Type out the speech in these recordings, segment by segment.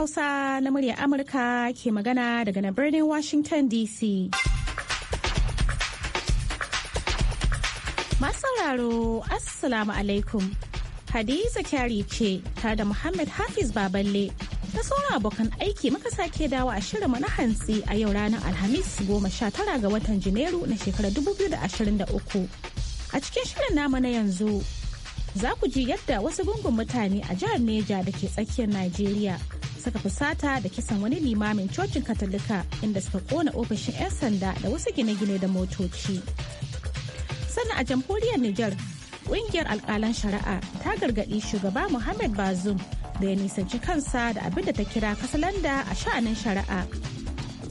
Hausa na murya Amurka ke magana daga na birnin Washington DC. Masu Assalamu alaikum. Hadiza Kyari ce tare da Muhammad Hafiz Baballe ta sauran abokan aiki muka sake dawo a shirinmu na hantsi a yau ranar Alhamis goma sha tara ga watan Janairu na shekarar 2023. A cikin shirin namu na yanzu za ku ji yadda wasu gungun mutane a jihar Neja da ke tsakiyar Najeriya suka fusata da kisan wani limamin cocin katolika inda suka kona ofishin 'yan sanda da wasu gine-gine da motoci sannan a jamhuriyar nijar kungiyar alkalan shari'a ta gargaɗi shugaba muhammad bazoum da ya nisanci kansa da abin da ta kira kasalanda a sha'anin shari'a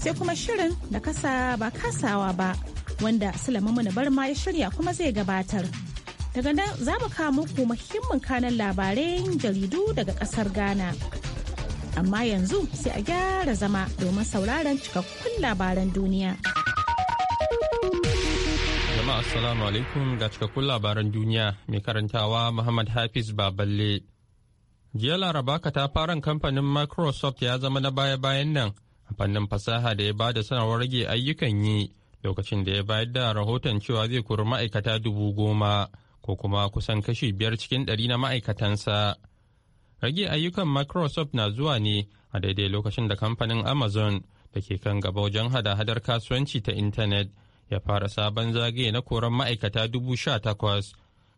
sai kuma shirin da kasa ba kasawa ba wanda sulaiman barma ya shirya kuma zai gabatar daga nan za mu kawo muku muhimmin kanan labaran jaridu daga kasar ghana Amma yanzu sai a gyara zama domin sauraron cikakkun labaran duniya. Jama'a Assalamu alaikum ga cikakkun labaran duniya mai karantawa Muhammad Hafiz Baballe. Jiya Laraba ka katafaren kamfanin Microsoft ya zama na baya-bayan nan a fannin fasaha da ya ba da sanarwar rage ayyukan yi lokacin da ya bayar da rahoton cewa zai kuri ma'aikata dubu goma ko kuma kusan kashi biyar cikin ɗari na ma'aikatansa. Rage ayyukan Microsoft na zuwa ne a daidai lokacin da kamfanin Amazon da ke kan gaba wajen hada-hadar kasuwanci ta intanet ya fara sabon zage na koran ma'aikata dubu sha takwas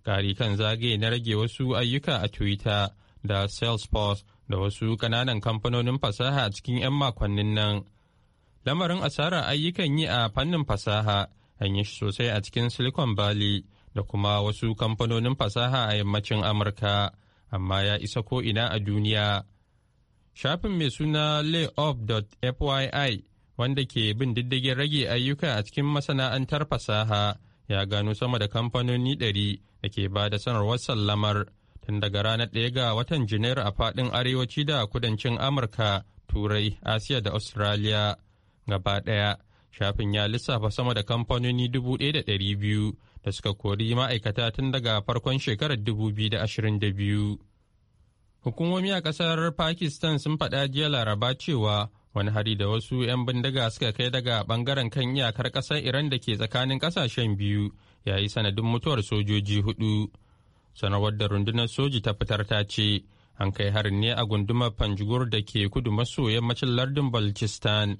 ƙari kan zagaye na rage wasu ayyuka a Twitter da Salesforce da wasu ƙananan kamfanonin fasaha a cikin 'yan makonnin nan. Lamarin asarar ayyukan yi a fannin fasaha an yi sosai a cikin Silicon Valley da kuma wasu kamfanonin fasaha a yammacin Amurka. amma ya isa ko'ina a duniya. Shafin mai suna layoff.fyi wanda ke bin diddigin rage ayyuka a cikin masana'antar fasaha ya gano sama da kamfanoni ɗari da ke ba da sanarwar sallamar tun daga ranar ɗaya ga watan Janairu a faɗin arewaci da kudancin Amurka, Turai, Asiya da Australia. Gaba ɗaya, shafin ya lissafa sama da kamfanoni dubu da ɗari biyu da suka kori ma'aikata tun daga farkon shekarar 2022. Hukumomi a kasar Pakistan sun faɗa jiya laraba cewa wani hari da wasu 'yan bindiga suka kai daga ɓangaren kan iyakar ƙasar Iran da ke tsakanin ƙasashen biyu ya yi sanadin mutuwar sojoji hudu. Sanarwar da rundunar soji ta fitar ta ce, an kai harin ne a gundumar Panjgur da ke kudu maso yammacin lardin Balchistan.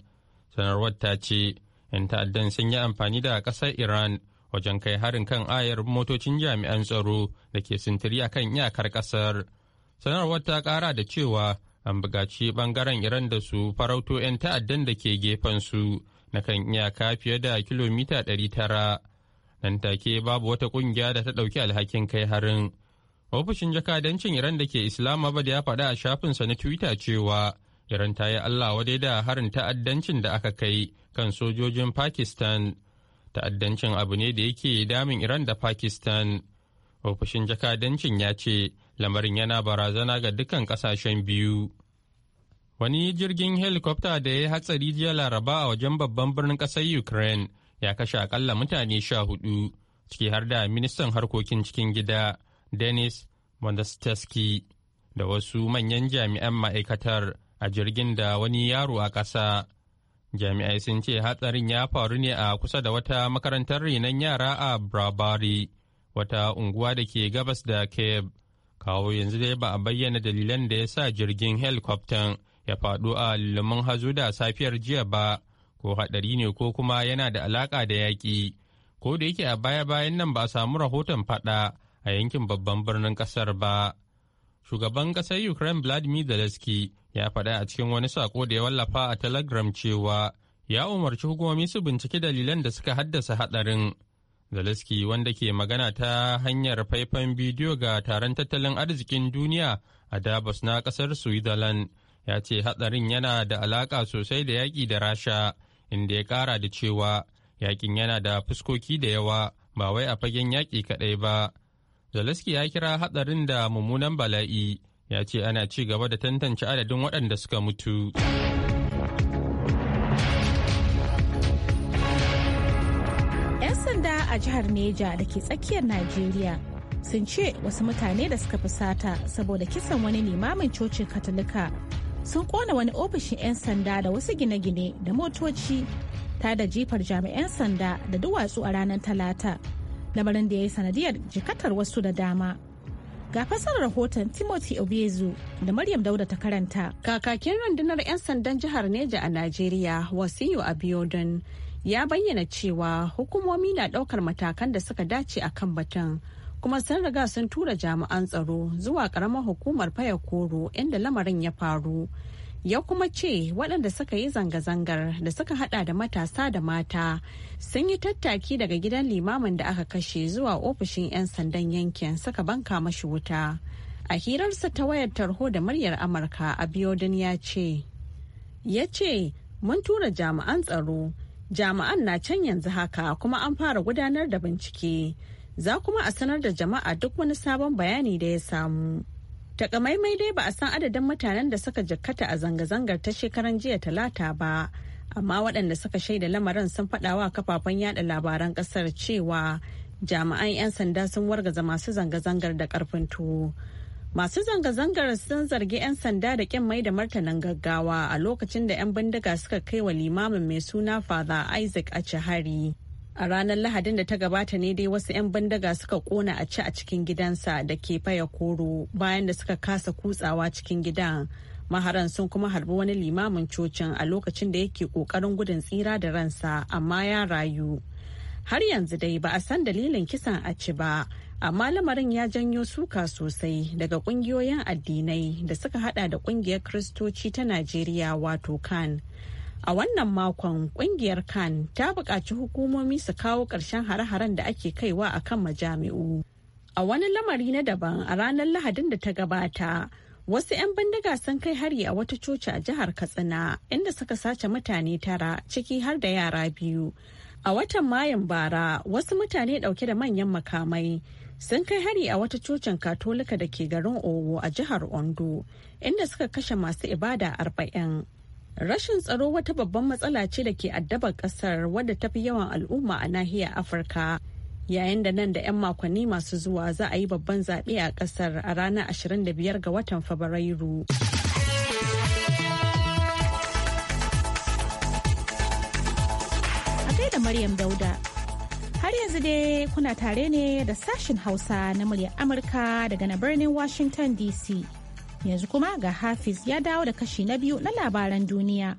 Sanarwar ta ce, 'yan ta'addan sun yi amfani da ƙasar Iran wajen kai harin kan ayar motocin jami'an tsaro da ke sintiri a kan iyakar kasar Sanarwar ta kara da cewa an bugaci ɓangaren Iran da su farauto 'yan ta'addan da ke su na kan iyaka fiye da kilomita 900. Nan take babu wata ƙungiya da ta ɗauki alhakin kai harin. Ofishin jakadancin Iran da ke Islamabad ya faɗa a shafinsa na Twitter cewa Iran ta yi Allah wadai da harin ta'addancin da aka kai kan sojojin Pakistan. ta'addancin abu ne da yake damin iran da pakistan ofishin jakadancin ya ce lamarin yana barazana ga dukkan kasashen biyu wani jirgin helikwafta da ya hatsari jiya laraba a wajen babban birnin ƙasar ukraine ya kashe akalla mutane sha hudu ciki har da ministan harkokin cikin gida denis mondasteski da wasu manyan jami'an ma'aikatar a jirgin da wani yaro a ƙasa jami'ai sun ce hatsarin ya faru ne a kusa da wata makarantar renon yara a brabari wata unguwa da ke gabas da cape kawo yanzu dai ba a bayyana dalilan da ya sa jirgin helikwaftan ya faɗo a liman hazo da safiyar jiya ba ko haɗari ne ko kuma yana da alaƙa da yaƙi ko da yake a baya-bayan nan ba a samu rahoton faɗa a yankin babban birnin ƙasar ba shugaban ƙasar ukraine vladimir zelensky ya faɗa a cikin wani sako da ya wallafa a telegram cewa ya umarci hukumomi su binciki dalilan da suka haddasa hatsarin. Zelensky wanda ke magana ta hanyar faifan bidiyo ga taron tattalin arzikin duniya a Davos na kasar Switzerland ya ce hatsarin yana da alaka sosai da yaƙi da Rasha inda ya ƙara da cewa yaƙin yana da fuskoki da yawa ba wai a fagen yaƙi kaɗai ba. Zelensky ya kira hatsarin da mummunan bala'i ya ce ana ci gaba da tantance adadin waɗanda suka mutu. ‘Yan sanda a jihar Neja da ke tsakiyar Najeriya sun ce wasu mutane da suka fusata saboda kisan wani limamin cocin katolika sun kona wani ofishin 'yan sanda da wasu gine-gine da motoci ta da jifar jami'an sanda da duwatsu a ranar talata lamarin da ya yi sanadiyar jikatar wasu da dama. Ga fasar rahoton Timothy Obiezu da Maryam Dauda ta karanta. Kakakin rundunar 'yan sandan jihar Neja a Najeriya, Wasiyu Abiodun, ya bayyana cewa hukumomi na daukar matakan da suka dace a kan batun. Kuma sun riga sun tura jami'an tsaro zuwa ƙaramar hukumar koro inda lamarin ya faru. ya kuma ce waɗanda suka yi zanga-zangar da suka hada da matasa da mata sun yi tattaki daga gidan limamin da aka kashe zuwa ofishin 'yan sandan yankin suka banka mashi wuta a hirarsa ta wayar tarho da muryar amurka a biyodin ya ce ya ce mun tura jami'an tsaro Jama'an na can yanzu haka kuma an fara gudanar da bincike za kuma a sanar da jama'a duk wani sabon bayani da ya samu Takamaimai dai ba a san adadin mutanen da suka jakkata a zanga-zangar ta shekaran jiya talata ba, amma waɗanda suka shaida lamarin sun faɗawa kafafen yada labaran ƙasar cewa jami'an 'yan sanda sun wargaza masu zanga-zangar da ƙarfin tuwo. Masu zanga-zangar sun zargi 'yan sanda da ƙin mai da martanin gaggawa a lokacin da 'yan bindiga suka kai wa limamin mai suna Father Isaac a hari. a ranar lahadin da ta gabata ne dai wasu 'yan bandaga suka kona a ci a cikin gidansa da ke faya koro bayan da suka kasa kutsawa cikin gidan maharan sun kuma harbi wani limamin cocin a lokacin da yake kokarin gudun tsira da ransa amma ya rayu har yanzu dai ba a san dalilin kisan a ci ba amma lamarin ya janyo suka sosai daga kungiyoyin addinai da suka hada da kungiyar kiristoci ta najeriya wato kan A wannan makon kungiyar Khan ta buƙaci hukumomi su kawo ƙarshen hare-haren da ake kaiwa a kan majami'u. A wani lamari na daban a ranar Lahadin da ta gabata, wasu 'yan bindiga sun kai hari a wata coci a jihar Katsina inda suka sace mutane tara ciki har da yara biyu. A watan Mayun bara, wasu mutane ɗauke da manyan makamai sun kai hari a wata cocin katolika da ke garin Owo a jihar Ondo, inda suka kashe masu ibada arba'in. Rashin tsaro wata babban matsala ce da ke addabar kasar wadda tafi yawan al'umma a nahiyar Afirka. Yayin da nan da 'yan makonni masu zuwa za a yi babban zaɓe a ƙasar a ranar 25 ga watan Fabrairu. A da Maryam Dauda. Har yanzu dai kuna tare ne da sashin Hausa na murya Amurka daga na birnin Washington DC. Yanzu kuma ga Hafiz ya dawo da kashi na biyu na labaran duniya.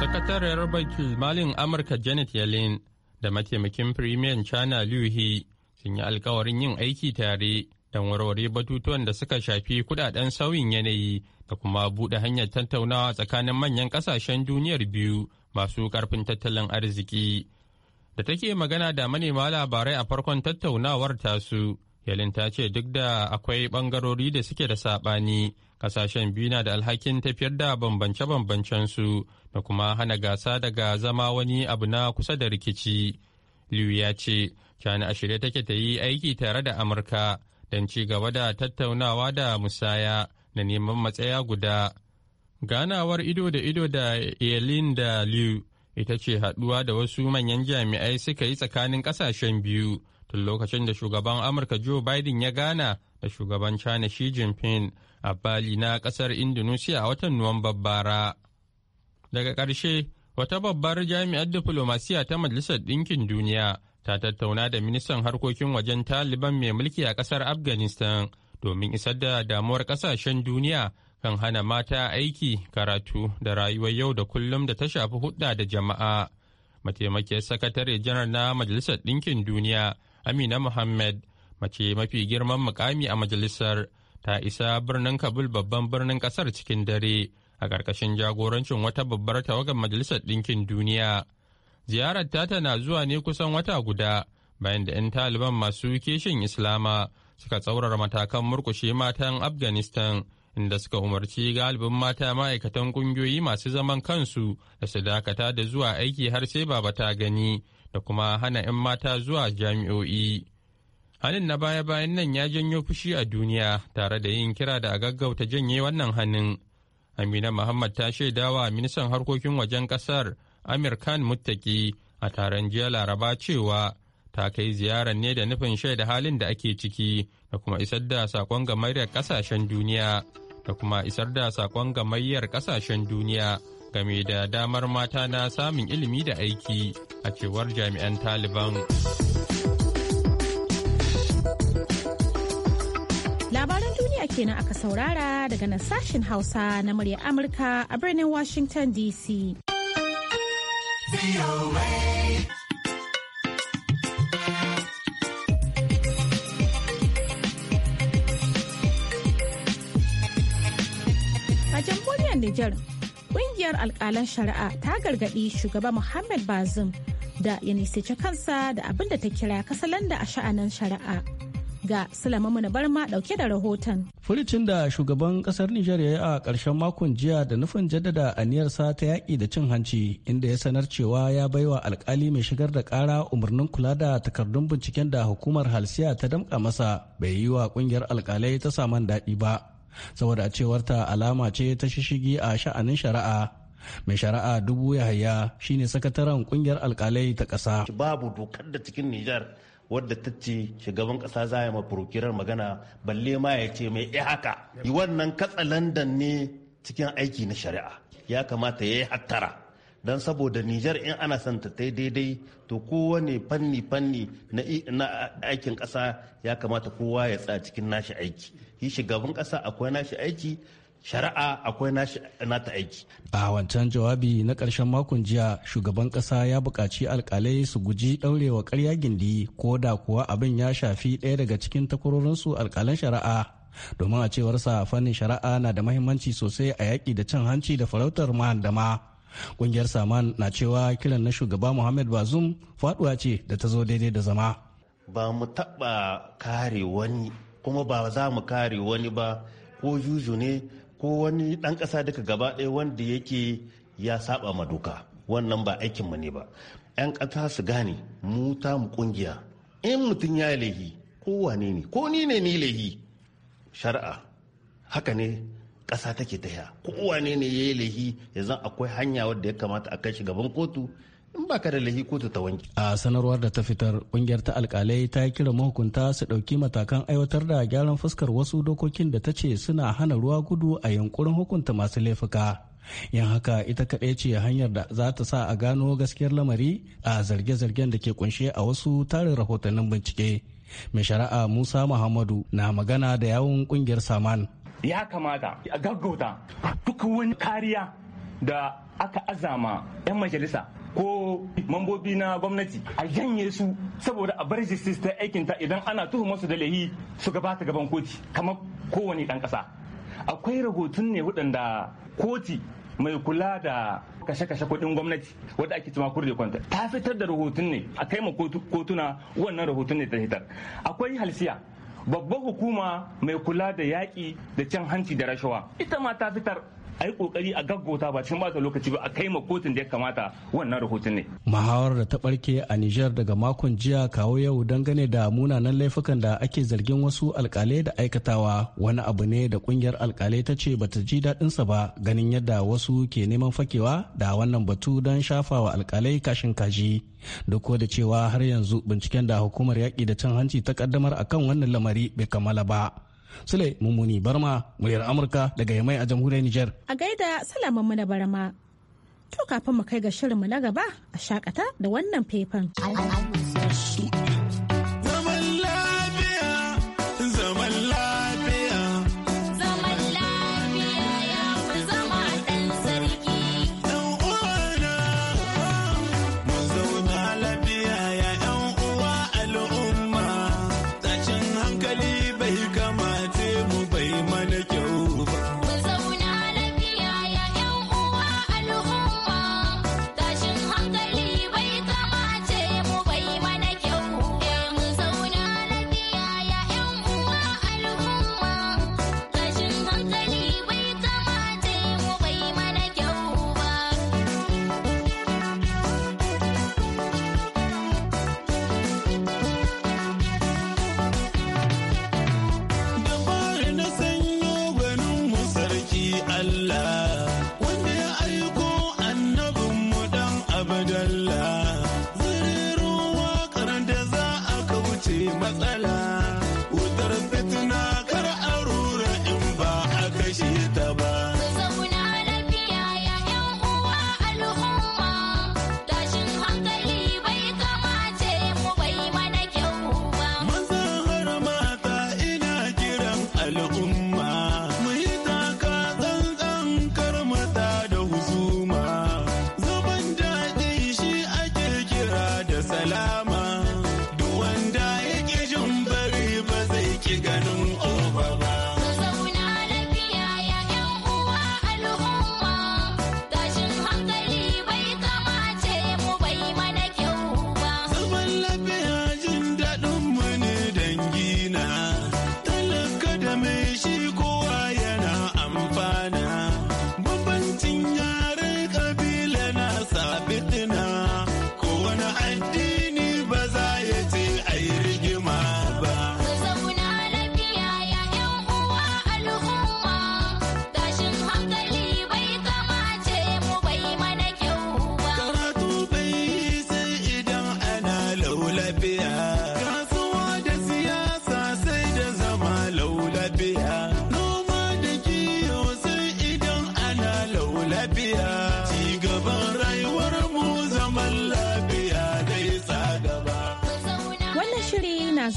Sakatariyar bankin Malin Amurka Janet Yellen da mataimakin Firimiyan China Liu He sun yi alkawarin yin aiki tare don warware batutuwan da suka shafi kudaden sauyin yanayi da kuma buɗe hanyar tattaunawa tsakanin manyan ƙasashen duniyar biyu masu karfin tattalin arziki. Da take magana da manema labarai a farkon tattaunawar tasu, Yalin ta ce duk da akwai bangarori da suke da saɓani, kasashen biyu na da alhakin tafiyar da bambance-bambancen su da kuma hana gasa daga zama wani abu na kusa da rikici. Liu ya ce, China a shirye take ta yi aiki tare da Amurka don ci gaba da tattaunawa da musaya da neman matsaya guda. Ganawar ido da ido da Yelin da Liu ita ce haɗuwa da wasu manyan jami'ai suka yi tsakanin ƙasashen biyu tun lokacin da shugaban amurka joe biden ya gana da shugaban china xi jinping a bali na kasar indonesia a watan nuwambar bara daga ƙarshe wata babbar jami'ar diflomasiya ta majalisar ɗinkin duniya ta tattauna da ministan harkokin wajen taliban mai mulki a kasar afghanistan domin isar da damuwar kasashen duniya kan hana mata aiki karatu da rayuwar yau da kullum da ta shafi hudda da jama'a mataimakiyar sakatare janar na majalisar ɗinkin duniya Amina Muhammad mace mafi girman mukami a majalisar ta isa birnin Kabul babban birnin kasar cikin dare a ƙarƙashin jagorancin wata babbar tawagar Majalisar Ɗinkin Duniya. Ziyarar tata na zuwa ne kusan wata guda bayan da 'yan taliban masu keshin Islama suka tsaurara matakan murkushe matan Afghanistan inda suka umarci galibin mata ma'aikatan ƙungiyoyi masu zaman kansu da su dakata da zuwa aiki har sai ba ta gani da kuma hana 'yan mata zuwa jami'o'i. Hannun na baya-bayan nan ya janyo fushi a duniya tare da yin kira da a gaggauta janye wannan hannun. Amina Muhammad ta shaidawa ministan harkokin wajen kasar Amir Khan Muttaki a taron jiya Laraba cewa ta kai ziyarar ne da nufin shaida halin da ake ciki da kuma isar da saƙon gamayyar ƙasashen duniya da kuma isar da saƙon gamayyar ƙasashen duniya game da damar mata na samun ilimi da aiki a cewar jami'an taliban labaran duniya kenan aka saurara daga nan sashen hausa na murya amurka a birnin washington dc A jamhuriyar Nijar kungiyar alkalan shari'a ta gargaɗi shugaba Muhammad Bazum da ya nisace kansa da abin da ta kira kasalanda a sha'anin shari'a. Ga Sulaiman Barma dauke da rahoton. furicin da shugaban kasar Nijar ya yi a ƙarshen makon jiya da nufin jaddada aniyarsa ta yaki da cin hanci inda ya sanar cewa ya baiwa alkali mai shigar da kara umarnin kula da takardun binciken da hukumar halsiya ta damƙa masa bai yi wa ƙungiyar alkalai ta saman daɗi ba. saboda cewar ta alama ce ta shishigi a sha'anin shari'a mai shari'a dubu yahaya shine sakataren kungiyar alkalai ta ƙasa. babu dokar da cikin nijar wadda ta ce shugaban kasa za ya mafurukirar magana balle ma ya ce mai iya eh, haka wannan landan ne cikin aiki na shari'a ya kamata ya yi hattara don saboda Nijar in ana son ta ta daidai to kowane fanni fanni na aikin ƙasa ya kamata kowa ya tsaya cikin nashi aiki shi shugaban ƙasa akwai nashi aiki shari'a akwai nashi nata aiki. A wancan jawabi na ƙarshen makon jiya shugaban ƙasa ya buƙaci alƙalai su guji ɗaurewa ƙarya gindi ko da kuwa abin ya shafi ɗaya daga cikin takwarorinsu alƙalan shari'a. Domin a cewarsa fannin shari'a na da mahimmanci sosai a yaƙi da cin hanci da farautar mahandama. kungiyar Saman na cewa kiran na shugaba Muhammad Bazum faduwa ce da ta zo daidai da zama. Ba mu taɓa kare wani kuma ba za mu kare wani ba ko juju ne ko wani ɗan ƙasa daga gaba ɗaya wanda yake ya saba ma doka wannan ba aikin aikinmu ne ba. 'Yan ƙasa su gane mu ta mu ƙungiya in mutum ya lehi ko wane ne ko ni ne ni lehi shari'a haka ne ƙasa take tahiya ko wane ne ya yayi lahi yanzu akwai hanya wadda ya kamata a kai shi gaban kotu in baka da lahi kotu ta wanke a sanarwar da ta fitar ƙungiyar ta alkalai ta kira mahukunta su ɗauki matakan aiwatar da gyaran fuskar wasu dokokin da ta ce suna hana ruwa gudu a yankurin hukunta masu laifuka yin haka ita kaɗai ce hanyar da za ta sa a gano gaskiyar lamari a zarge-zargen da ke kunshe a wasu tarin rahotannin bincike mai shari'a musa muhammadu na magana da yawon ƙungiyar saman ya kamata a gaggauta duk wani kariya da aka azama 'yan majalisa ko mambobi na gwamnati a janye su saboda a bar ta aikinta idan ana tuhumar su da lahi su gabata gaban koti kamar kowane ɗan ƙasa akwai rahoton ne waɗanda koti mai kula da kashe-kashe kudin gwamnati wadda ake cima kurde kwanta ta fitar da rahoton ne a kai ma kotuna wannan rahoton ne ta fitar akwai halsiya babbar hukuma mai kula da yaƙi da cin hanci da rashawa ita ma ta fitar a yi kokari a gaggota ba cikin bata lokaci ba a kai ma kotun da ya kamata wannan rahoton ne muhawarar da ta barke a Nijar daga makon jiya kawo yau dangane da munanan laifukan da ake zargin wasu alkalai da aikatawa wani abu ne da kungiyar alkalai ta ce bata ji daɗin sa ba ganin yadda wasu ke neman fakewa da wannan batu don shafawa alkalai kashin kaji da ko da cewa har yanzu binciken da hukumar yaƙi da cin hanci ta kaddamar akan wannan lamari bai kammala ba Sule Mummuni Barma, muryar Amurka daga Yamai a jamhuriyar Nijar. A gaida Salaman mu Barma. To kafin mu kai ga shirinmu na gaba a shakata da wannan faifan.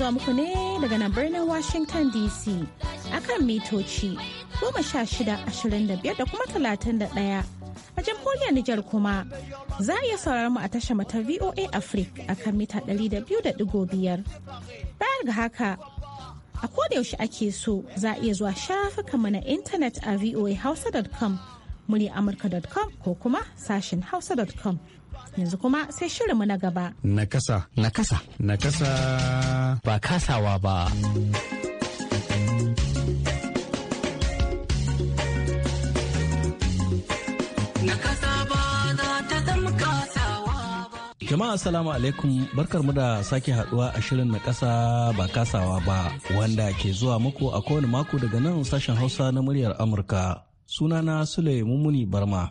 zuwa muku ne daga nan birnin Washington DC akan mitoci 1625 da kuma 31 a jamhuriyar Nijar kuma za a iya sauraron mu a tasha mata VOA Africa akan mita 200.5 bayar ga haka a yaushe ake so za a iya zuwa mu na intanet a voahausa.com murya amurka.com ko kuma sashen hausa.com Yanzu kuma sai shirinmu na gaba. Nakasa. Nakasa. Nakasa. Ba kasawa ba. Jama'a salamu alaikum barkar mu da sake haduwa a shirin na kasa ba kasawa ba wanda ke zuwa muku a kowane mako daga nan sashen hausa na muryar Amurka sunana Sule muni Barma.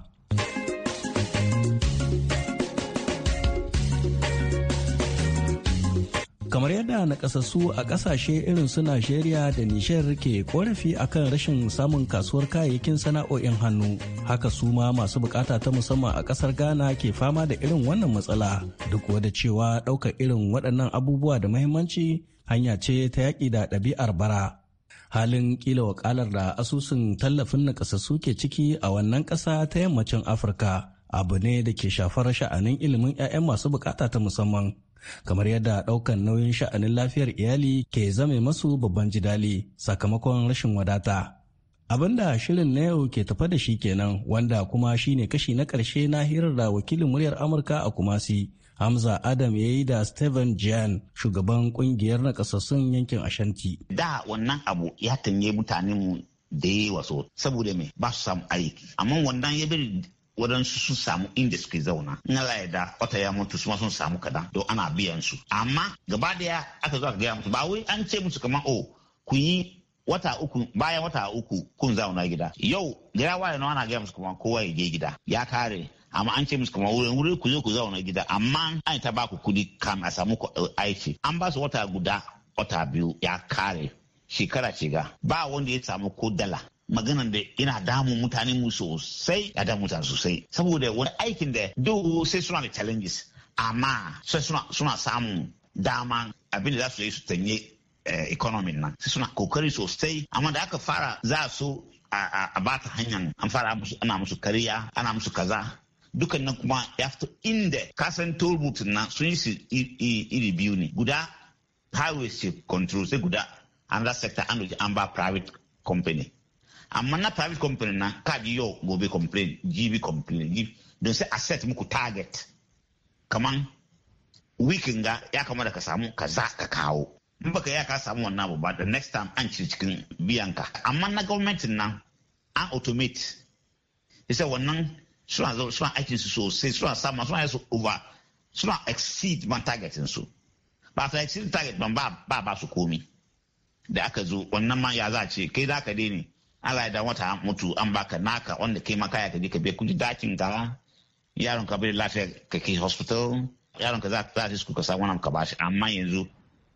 kamar yadda nakasassu a kasashe irin su Najeriya da Nishar ke korafi kan rashin samun kasuwar kayayyakin sana'o'in hannu haka su ma masu bukata ta musamman a kasar Ghana ke fama da irin wannan matsala duk da cewa ɗaukar irin waɗannan abubuwa da mahimmanci hanya ce ta yaƙi da ɗabi'ar bara halin ƙila wakalar da asusun tallafin nakasassu ke ciki a wannan ƙasa ta yammacin afirka abu ne da ke shafar sha'anin ilimin 'ya'yan masu bukata ta musamman kamar yadda ɗaukan nauyin sha'anin lafiyar iyali ke zame masu babban jidali sakamakon rashin wadata. Abin da shirin na yau ke tafa da shi kenan wanda kuma shi ne kashi na ƙarshe na hirar da wakilin muryar Amurka a Kumasi. Hamza Adam ya yi da Steven Jan shugaban kungiyar nakasassun yankin Ashanti. Da wannan abu ya tanye mutanen mu da yi waso, saboda me ba su samu aiki amma wannan ya bari wadansu sun samu inda suke zauna in Allah ya da wata ya mutu su sun samu kadan to ana biyan su amma gaba daya aka zo a gaya mutu ba wai an ce musu kamar o oh, ku yi wata uku bayan wata uku kun zauna gida yau gida waye na ana gaya musu kamar kowa ya je gida ya kare amma an ce musu kamar wurin wuri ku zo ku zauna gida amma an ta baku kudi kam a samu ku eh, aiki an ba su wata guda wata biyu ya kare shekara shiga ba wanda ya samu ko dala maganan da yana damun mutanen mu sosai ya damun mutane sosai saboda wani aikin da duk sai suna da challenges amma sai suna samun dama abin da za su yi su tanye eh, economy nan sai suna kokari sosai amma da aka fara za su a bata hanyar an fara ana musu kariya ana musu kaza dukan nan kuma ya fito inda kasan tolbutun nan sun yi su iri biyu ne guda highway control sai guda another sector an an ba private company amma na private company na kaji yau gobe complain jibi complain don sai asset set muku target kaman wikin ga ya kamata ka samu kaza ka kawo in baka ya ka samu wannan abu ba the next time an ci cikin biyanka amma na government nan an automate isa wannan suna zo suna aikin su sosai suna sama suna yasu over suna exceed man targetin su ba ta exceed target ban ba ba su komi da aka zo wannan ma ya za ce kai da ka daina Allah ya da wata mutu an baka naka wanda kai ma kaya ka je ka bai kuji dakin ka yaron ka bai lafiya ka ke hospital yaron ka za ta tashi ka samu wani ka bashi amma yanzu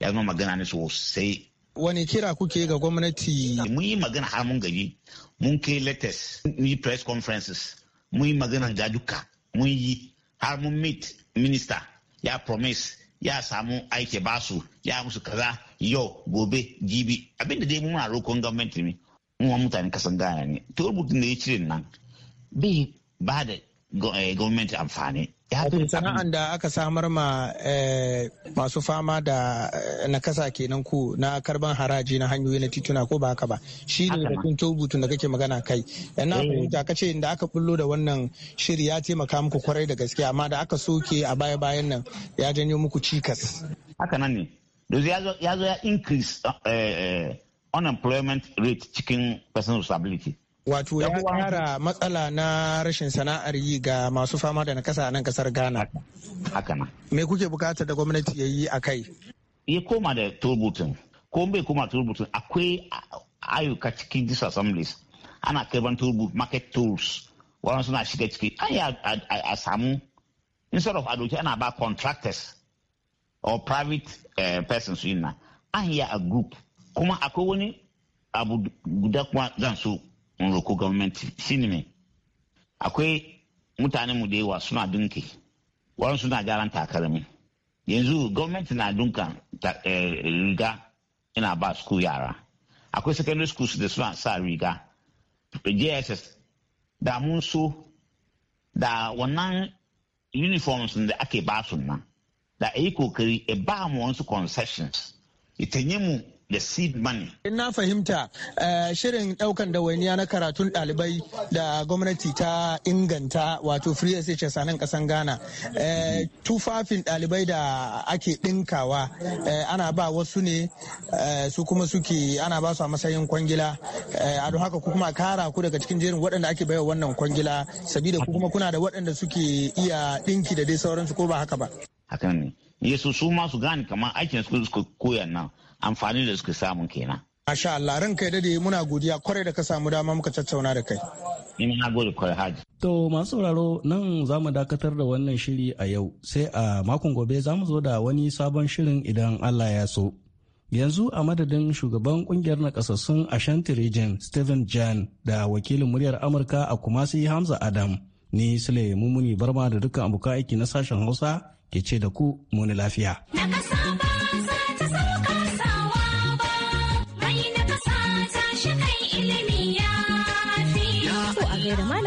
ya zama magana ne sosai wani kira kuke ga gwamnati mun yi magana har mun gaji mun kai letters mun yi press conferences mun yi magana ga duka mun yi har mun meet minister ya promise ya samu aiki basu ya musu kaza yau gobe jibi abinda dai muna roƙon gwamnati ne wa mutane kasan gana ne to da ya cire nan bai ba da eh, gwamnati amfani sana'an da aka samar ma eh, masu fama da eh, nakasa kenan ku na karban haraji na hanyoyi na tituna ko ba haka ba shi ne da batun tobutun da kake magana kai yana fahimta kace inda aka bullo da wannan shiri ya taimaka muku kwarai da gaske amma da aka soke a baya bayan nan ya janyo muku cikas haka nan ne ya zo ya increase unemployment rate cikin personal stability. Wato ya kara matsala na rashin sana'ar yi ga masu fama da nakasa a nan kasar Ghana. Haka na. Me kuke bukatar da gwamnati ya yi a kai? Ya koma da turbutin. Ko bai koma turbutin akwai ayyuka cikin disassemblies. Ana kai ban turbut market tools. Wannan suna shiga ciki. An a samu instead of ana ba contractors or private uh, persons yin na. An yi a group kuma akwai wani abu guda kuma zan so in roko gwamnati shine ne akwai mutanenmu da yawa suna dunke waɗansu suna gyaran takalmi yanzu gwamnati na dunka eh, riga ina ba su yara akwai secondary schools da suna sa riga e, jss da mun so da wannan uniforms da ake ba su nan da a e yi kokari a e ba mu wasu concessions ita mu da seed money. In na fahimta eh, shirin daukan dawainiya na karatun ɗalibai da gwamnati ta inganta wato free SHS a nan ƙasan Ghana. Eh, tufafin ɗalibai da ake ɗinkawa eh, ana ba wasu ne su kuma suke ana ba su a matsayin kwangila. A don haka kuma kara ku daga cikin jerin waɗanda ake baiwa wannan kwangila sabida kuma kuna da waɗanda suke iya ɗinki da dai sauransu ko ba haka ba. Hakan ne. Yesu su ma su gane kamar aikin su koya nan. amfani da suke samun kenan. Masha Allah ran kai dade muna godiya kwarai da ka samu dama muka tattauna da kai. Ina gode kwarai haji. To masu sauraro nan za mu dakatar da wannan shiri a yau sai a makon gobe za mu zo da wani sabon shirin idan Allah ya so. yanzu a madadin shugaban kungiyar nakasassun ashanti region stephen jan da wakilin muryar amurka a kumasi hamza adam ni sule mummuni barma da dukkan abokan aiki na sashen hausa ke ce da ku muni lafiya. na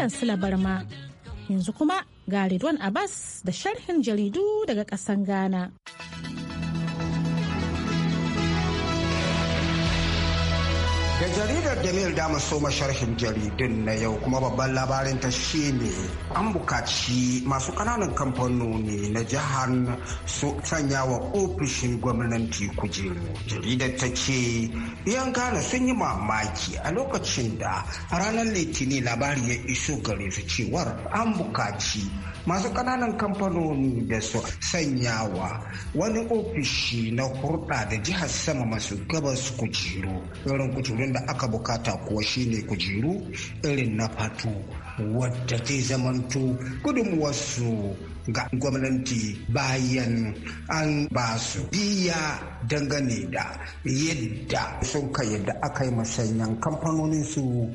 Allah Sula Barma. Yanzu kuma ga Ridwan Abbas da sharhin jaridu daga ƙasan Ghana. jaridar da mil dama soma sharhin jaridun na yau kuma babban labarin ta shine an bukaci masu kananan kamfanoni na jihar su sanya wa ofishin gwamnati kujeru. Jaridar ta ce yan gane sun yi mamaki a lokacin da ranar litinin labari ya iso gare su cewar an bukaci masu kananan kamfanoni da su sanyawa wani ofishi na hurɗa da jihar sama masu gabas kujeru irin kujerun da aka bukata kuwa shine kujeru irin na fatu wadda zai zamanto gudunmuwarsu ga gwamnati bayan an ba su biya dangane da yadda sun ka yadda aka yi masanyan kamfanonin su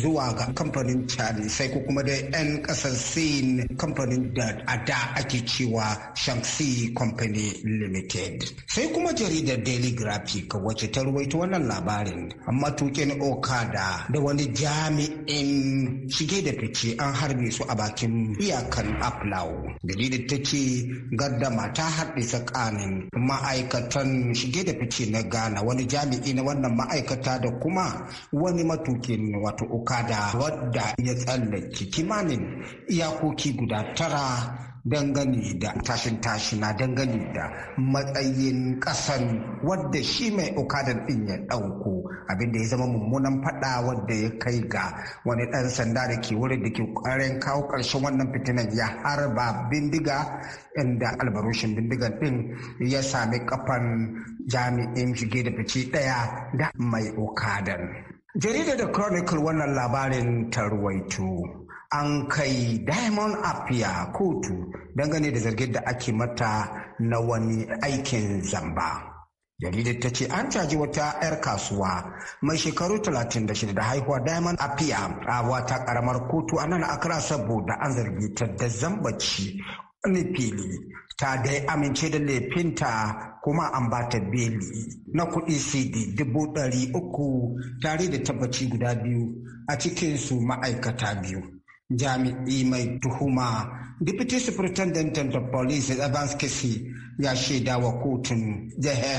zuwa ga kamfanin cani, sai ko kuma da 'yan kasar sin kamfanin da a da ake cewa shanksi company limited sai kuma jaridar daily graphic wacce ta ruwaito wannan labarin matukin okada da wani jami'in shige da fice an harbe su a bakin iyakan aplau dalilin take gardama ta haɗe tsakanin ma'aikatan shige da fice na ghana wani jami'i na wannan ma'aikata da kuma wani matukin wato okada wadda ya tsallake kimanin iyakoki guda tara dangane da tashin tashina dangane da matsayin kasan wadda shi mai okadar din ya ɗauko abinda ya zama mummunan faɗa wadda ya kai ga wani ɗan sanda da ke wurin da ke ƙoƙarin kawo ƙarshen wannan fitinan ya harba bindiga inda albarushin bindigan din ya sami kafan jami'in shige da fice ɗaya da mai okadar. jaridar da chronicle wannan labarin ta ruwaito an kai diamond apia kotu dangane da zargin da ake mata na wani aikin zamba jaridar ta ce an caji wata 'yar kasuwa mai shekaru 36 da haihuwa diamond apia a wata karamar kotu a nan akara saboda an zargi ta da zambaci wani fili ta dai amince da laifinta kuma an ba ta beli na kuɗi cd dubu ɗari uku tare da tabbaci guda biyu a cikinsu ma'aikata biyu jami'i mai tuhuma deputy superintendent of police evans ya shaida wa kotun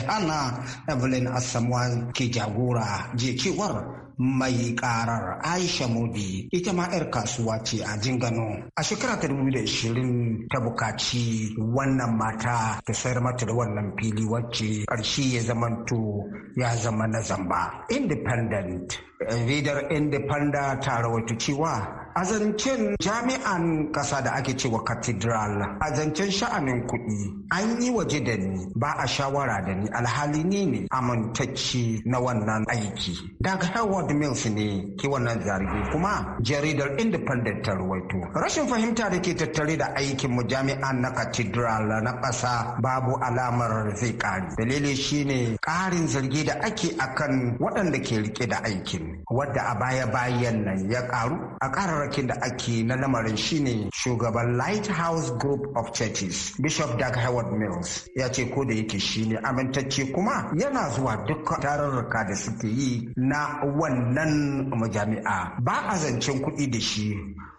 hana evelyn asamuwa ke jagora je cewar mai karar aisha modi ita ma 'yar kasuwa ce a jingano a shekara ta ishirin ta bukaci wannan mata ta sayar mata da wannan fili wacce ƙarshe ya zamanto ya zama na zamba independent reader independent ta rawaitu cewa a zancen jami'an ƙasa da ake cewa cathedral a zancen sha'anin kuɗi an yi waje da ni ba a shawara da ni alhali ni ne amintacci na wannan aiki daga howard mills ne ke wannan zargi kuma jaridar independent ta ruwaito rashin fahimta da ke tattare da aikin mu jami'an na cathedral na ƙasa babu alamar zai ƙare dalili shine ƙarin zargi da ake akan waɗanda ke rike da aikin wadda a baya bayan nan ya ƙaru a ƙarar hirarrakin da ake na lamarin shine shugaban lighthouse group of churches bishop doug howard mills ya ce ko da yake shine amintacce kuma yana zuwa dukkan tararraka da suke yi na wannan majami'a ba a zancen kuɗi da shi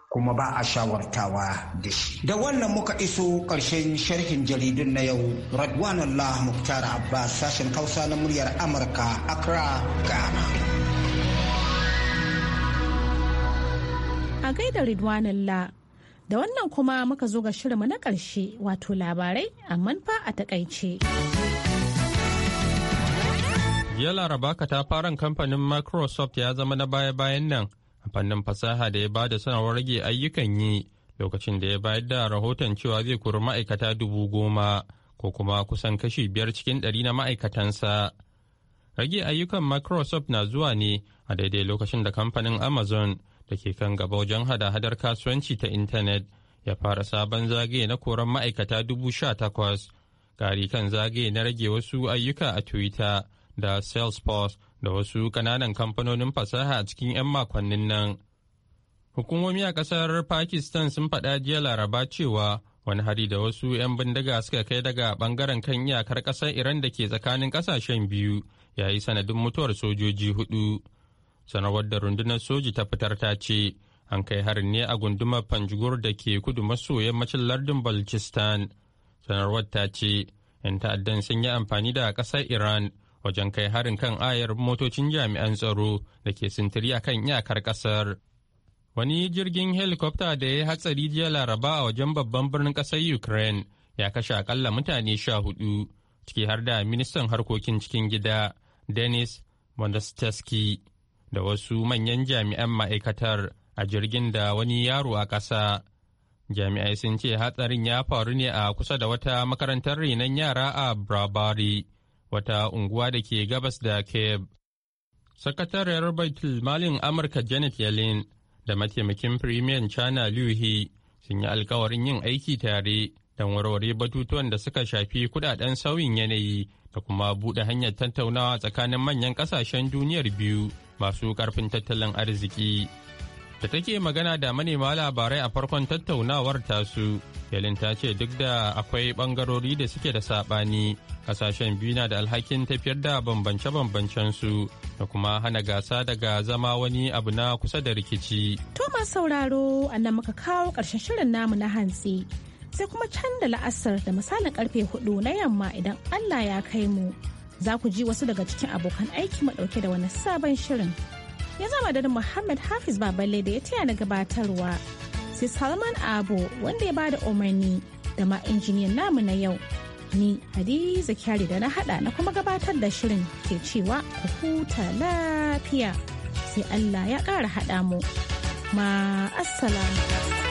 kuma ba a shawartawa da shi. Da wannan muka iso ƙarshen sharhin jaridun na yau, Radwanullah Muktar Abbas sashen Hausa na muryar Amurka, Accra, Ghana. a gaida ridwanalla Da wannan kuma muka zo ga shirinmu na ƙarshe wato labarai a fa a takaice. ya Laraba fara kamfanin Microsoft ya zama na baya-bayan nan a fannin fasaha da ya ba da sanarwar rage ayyukan yi lokacin da ya bayar da rahoton cewa zai kuri ma'aikata dubu goma ko kuma kusan kashi biyar cikin ɗari na ma'aikatansa. Rage ayyukan Microsoft na zuwa ne a daidai lokacin da kamfanin Amazon da ke kan gaba wajen hada-hadar kasuwanci ta intanet ya fara sabon zagaye na koran ma'aikata dubu sha takwas kari kan zagaye na rage wasu ayyuka a twitter da salesforce da wasu kananan kamfanonin fasaha a cikin 'yan makonnin nan hukumomi a kasar pakistan sun faɗa jiya laraba cewa wani hari da wasu 'yan bindiga suka kai daga bangaren kan iyakar ƙasar iran da ke tsakanin ƙasashen biyu yayi sanadin mutuwar sojoji hudu sanarwar da rundunar soji ta fitar ta ce an kai harin ne a gundumar panjgur da ke kudu maso yammacin lardin balchistan sanarwar ta ce 'yan ta'addan sun yi amfani da ƙasar iran wajen kai harin kan ayar motocin jami'an tsaro da ke sintiri a kan iyakar ƙasar wani jirgin helikwafta da ya yi hatsari jiya laraba a wajen babban birnin ƙasar ukraine ya kashe akalla mutane sha hudu ciki har da ministan harkokin cikin gida denis mondasteski da wasu manyan jami'an ma'aikatar a jirgin da wani yaro a ƙasa. Jami'ai sun ce hatsarin ya faru ne a kusa da wata makarantar renon yara a Brabari, wata unguwa da ke gabas da Cape. Sakatariyar Baitul Malin Amurka Janet Yellen da mataimakin Premier China Liu He sun yi alkawarin yin aiki tare don warware batutuwan da suka shafi kudaden sauyin yanayi da kuma buɗe hanyar tattaunawa tsakanin manyan ƙasashen duniyar biyu. masu karfin tattalin arziki da take magana da manema labarai a farkon tattaunawar tasu helen ta ce duk da akwai bangarori da suke da sabani kasashen biyu na da alhakin tafiyar da bambance-bambancen su da kuma hana gasa daga zama wani abu na kusa da rikici. Thomas sauraro annan muka kawo ƙarshen shirin namu na hantsi sai kuma can da la'asar da misalin karfe hudu na yamma idan Allah ya kai mu. za ku ji wasu daga cikin abokan aiki mu dauke da wani sabon shirin. Ya zama da Muhammad Hafiz Baballe da ya taya na gabatarwa. Sai Salman Abo wanda ya bada umarni da ma injiniyan namu na yau. Ni Hadiza Kyari da na hada na kuma gabatar da shirin ke cewa ku huta lafiya. Sai Allah ya ƙara haɗa mu. Ma